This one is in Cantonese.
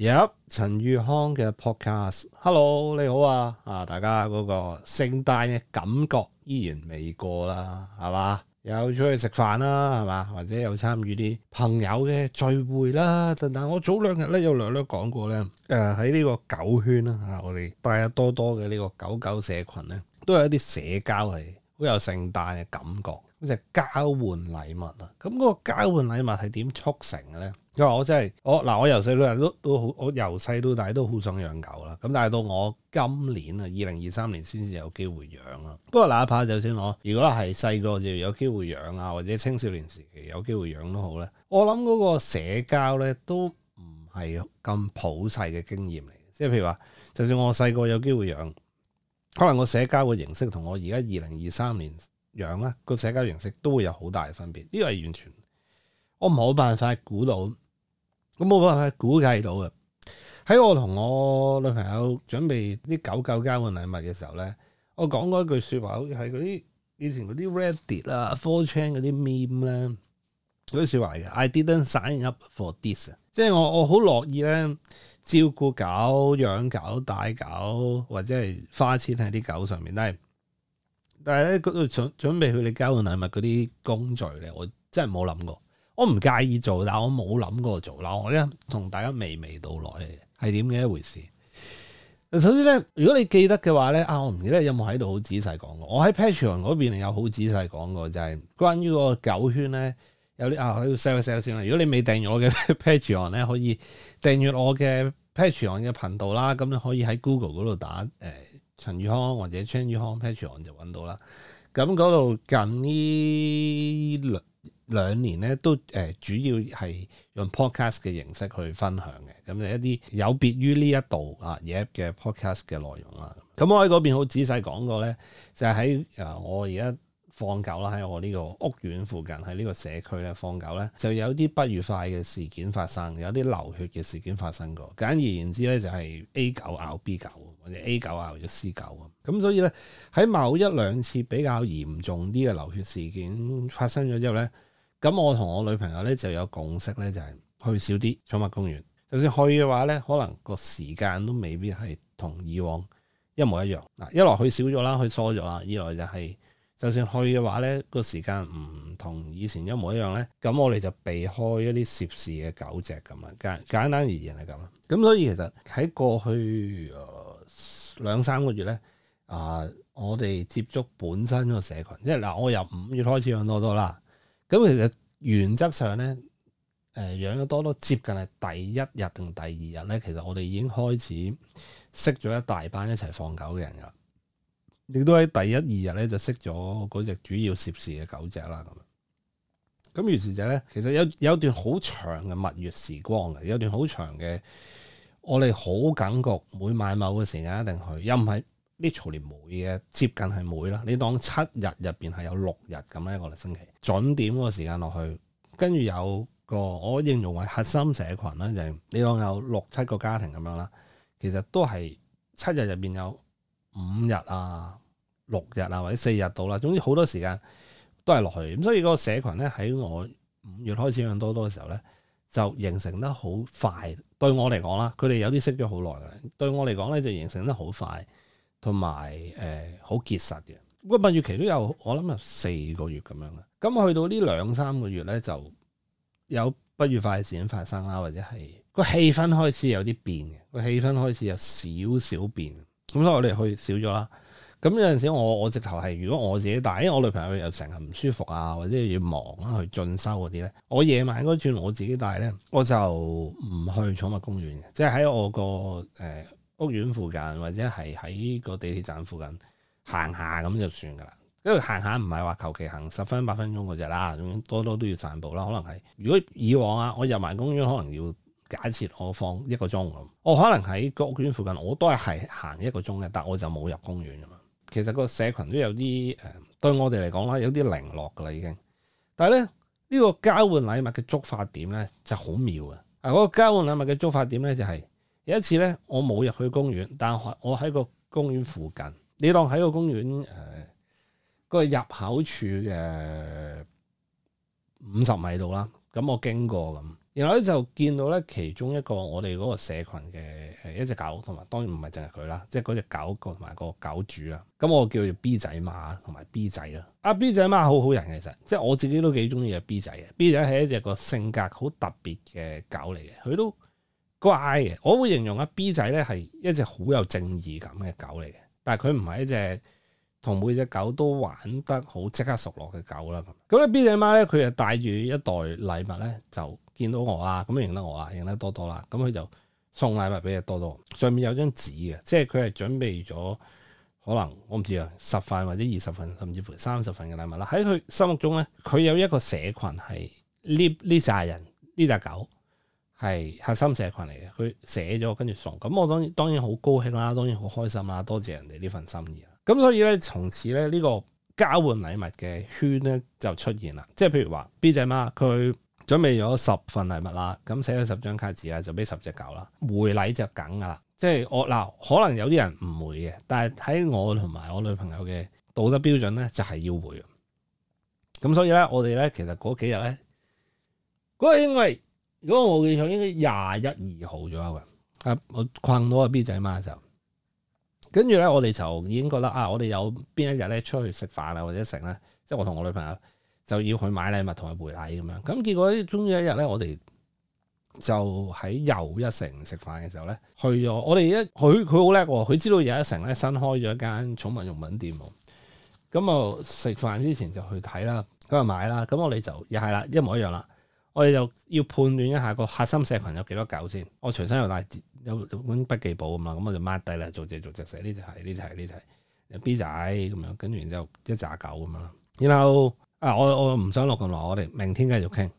入、yep, 陳宇康嘅 podcast，Hello，你好啊，啊大家嗰個聖誕嘅感覺依然未過啦，係嘛？有出去食飯啦，係嘛？或者有參與啲朋友嘅聚會啦。但等我早兩日咧有略略講過咧，誒喺呢個狗圈啦，我哋大得多多嘅呢個狗狗社群咧，都有一啲社交係好有聖誕嘅感覺，咁就是、交換禮物啊。咁嗰個交換禮物係點促成嘅咧？我真係我嗱，我由細到人都都好，我由細到大都好想養狗啦。咁但係到我今年啊，二零二三年先至有機會養啦。不過哪怕就算我如果係細個就有機會養啊，或者青少年時期有機會養都好咧，我諗嗰個社交咧都唔係咁普世嘅經驗嚟嘅。即係譬如話，就算我細個有機會養，可能我社交嘅形式同我而家二零二三年養咧個社交形式都會有好大嘅分別。呢個係完全我冇辦法估到。咁冇辦法估計到嘅。喺我同我女朋友準備啲狗狗交換禮物嘅時候咧，我講過一句說話，好似喺嗰啲以前嗰啲 Reddit 啊、4chan 嗰啲 Meme 咧，嗰句說話嘅。I didn't sign up for this，即係我我好樂意咧照顧狗、養狗、帶狗或者係花錢喺啲狗上面，但係但係咧度準準備佢哋交換禮物嗰啲工序咧，我真係冇諗過。我唔介意做，但我冇諗過做。嗱，我咧同大家娓娓道來係點嘅一回事。首先咧，如果你記得嘅話咧，啊，我唔記得有冇喺度好仔細講過。我喺 Patreon 嗰邊有好仔細講過，就係、是、關於個狗圈咧有啲啊，喺度 sell sell 先啦。如果你未訂閱我嘅 Patreon 呢，咧，可以訂閱我嘅 Patreon 嘅頻道啦。咁你可以喺 Google 嗰度打誒陳宇康或者陳宇康 Patreon 就揾到啦。咁嗰度近呢兩年咧都誒主要係用 podcast 嘅形式去分享嘅，咁就一啲有別於呢一度啊嘢嘅 podcast 嘅內容啦。咁我喺嗰邊好仔細講過咧，就係喺誒我而家放狗啦，喺我呢個屋苑附近，喺呢個社區咧放狗咧，就有啲不愉快嘅事件發生，有啲流血嘅事件發生過。簡而言之咧，就係 A 狗咬 B 狗，或者 A 狗咬咗 C 狗啊。咁所以咧喺某一兩次比較嚴重啲嘅流血事件發生咗之後咧。咁我同我女朋友咧就有共識咧，就係去少啲寵物公園。就算去嘅話咧，可能個時間都未必係同以往一模一樣。嗱，一來去少咗啦，去疏咗啦；二來就係，就算去嘅話咧，個時間唔同以前一模一樣咧。咁我哋就避開一啲涉事嘅狗隻咁啊。簡簡單而言係咁。咁所以其實喺過去誒兩三個月咧，啊，我哋接觸本身個社群，即係嗱，我由五月開始養多多啦。咁其實原則上咧，誒養咗多多接近係第一日定第二日咧，其實我哋已經開始識咗一大班一齊放狗嘅人噶，亦都喺第一二日咧就識咗嗰隻主要涉事嘅狗隻啦。咁，咁於是就咧，其實有有一段好長嘅蜜月時光嘅，有一段好長嘅，我哋好感覺每晚某個時間一定去，又唔係。呢條年每嘅接近係每啦，你當七日入面係有六日咁咧，一個星期，準點個時間落去，跟住有個我形容為核心社群啦，就係、是、你當有六七個家庭咁樣啦，其實都係七日入面有五日啊、六日啊或者四日到啦，總之好多時間都係落去咁，所以嗰個社群咧喺我五月開始養多多嘅時候咧，就形成得好快。對我嚟講啦，佢哋有啲識咗好耐嘅，對我嚟講咧就形成得好快。同埋誒好結實嘅，不過蜜月期都有我諗有四個月咁樣啦。咁去到呢兩三個月咧，就有不愉快嘅事情發生啦，或者係個氣氛開始有啲變嘅，個氣氛開始有少少變。咁所以我哋去少咗啦。咁有陣時我我直頭係如果我自己帶，因為我女朋友又成日唔舒服啊，或者要忙啊去進修嗰啲咧，我夜晚嗰轉我自己帶咧，我就唔去寵物公園嘅，即係喺我個誒，呃屋苑附近或者係喺個地鐵站附近行下咁就算噶啦，因為行下唔係話求其行十分八分鐘嗰隻啦，咁多多都要散步啦。可能係如果以往啊，我入埋公園可能要假設我放一個鐘咁，我可能喺個屋苑附近我都係行一個鐘嘅，但我就冇入公園噶嘛。其實個社群都有啲誒，對我哋嚟講啦，有啲零落噶啦已經。但係咧呢個交換禮物嘅觸發點咧就好妙啊！嗱，嗰個交換禮物嘅觸發點咧就係、是。有一次咧，我冇入去公園，但我喺個公園附近，你當喺個公園誒、呃、入口處嘅五十米度啦。咁我經過咁，然後咧就見到咧其中一個我哋嗰個社群嘅一隻狗同埋，當然唔係淨係佢啦，即係嗰隻狗個同埋個狗主啦。咁我叫佢 B 仔媽同埋 B 仔啦。阿 B 仔媽好好人，其實即係我自己都幾中意嘅 B 仔嘅。B 仔係一隻個性格好特別嘅狗嚟嘅，佢都。乖嘅，我會形容阿 B 仔咧係一隻好有正義感嘅狗嚟嘅，但係佢唔係一隻同每隻狗都玩得好即刻熟絡嘅狗啦。咁咧 B 仔媽咧，佢就帶住一袋禮物咧，就見到我啊，咁認得我啊，認得多多啦，咁佢就送禮物俾阿多多。上面有張紙嘅，即係佢係準備咗可能我唔知啊十份或者二十份，甚至乎三十份嘅禮物啦。喺佢心目中咧，佢有一個社群係呢呢扎人，呢紮狗。係核心社群嚟嘅，佢寫咗跟住送，咁我當然當然好高興啦，當然好開心啦，多謝人哋呢份心意啊！咁所以咧，從此咧呢個交換禮物嘅圈咧就出現啦。即係譬如話 B 仔媽佢準備咗十份禮物啦，咁寫咗十張卡紙啦，就俾十隻狗啦。回禮就梗噶啦，即係我嗱，可能有啲人唔會嘅，但係喺我同埋我女朋友嘅道德標準咧，就係要回嘅。咁所以咧，我哋咧其實嗰幾日咧，個因為如果我記上應該廿一二號左右嘅，啊我困到阿 B 仔媽嘅時候，跟住咧我哋就已經覺得啊，我哋有邊一日咧出去食飯啊或者食咧，即係我同我女朋友就要去買禮物同佢回禮咁樣，咁結果終於一日咧，我哋就喺又一城食飯嘅時候咧，去咗我哋一佢佢好叻喎，佢知道又一城咧新開咗一間寵物用品店，咁啊食飯之前就去睇啦，咁啊買啦，咁我哋就又係啦，一模一樣啦。我哋就要判斷一下個核心社群有幾多狗先。我隨身又帶有，大有本筆記簿啊嘛，咁我就抹低啦，做隻做隻寫。呢隻係呢隻係呢隻 B 仔咁樣，跟住然之後一紮狗咁樣啦。然後，然後啊，我我唔想錄咁耐，我哋明天繼續傾。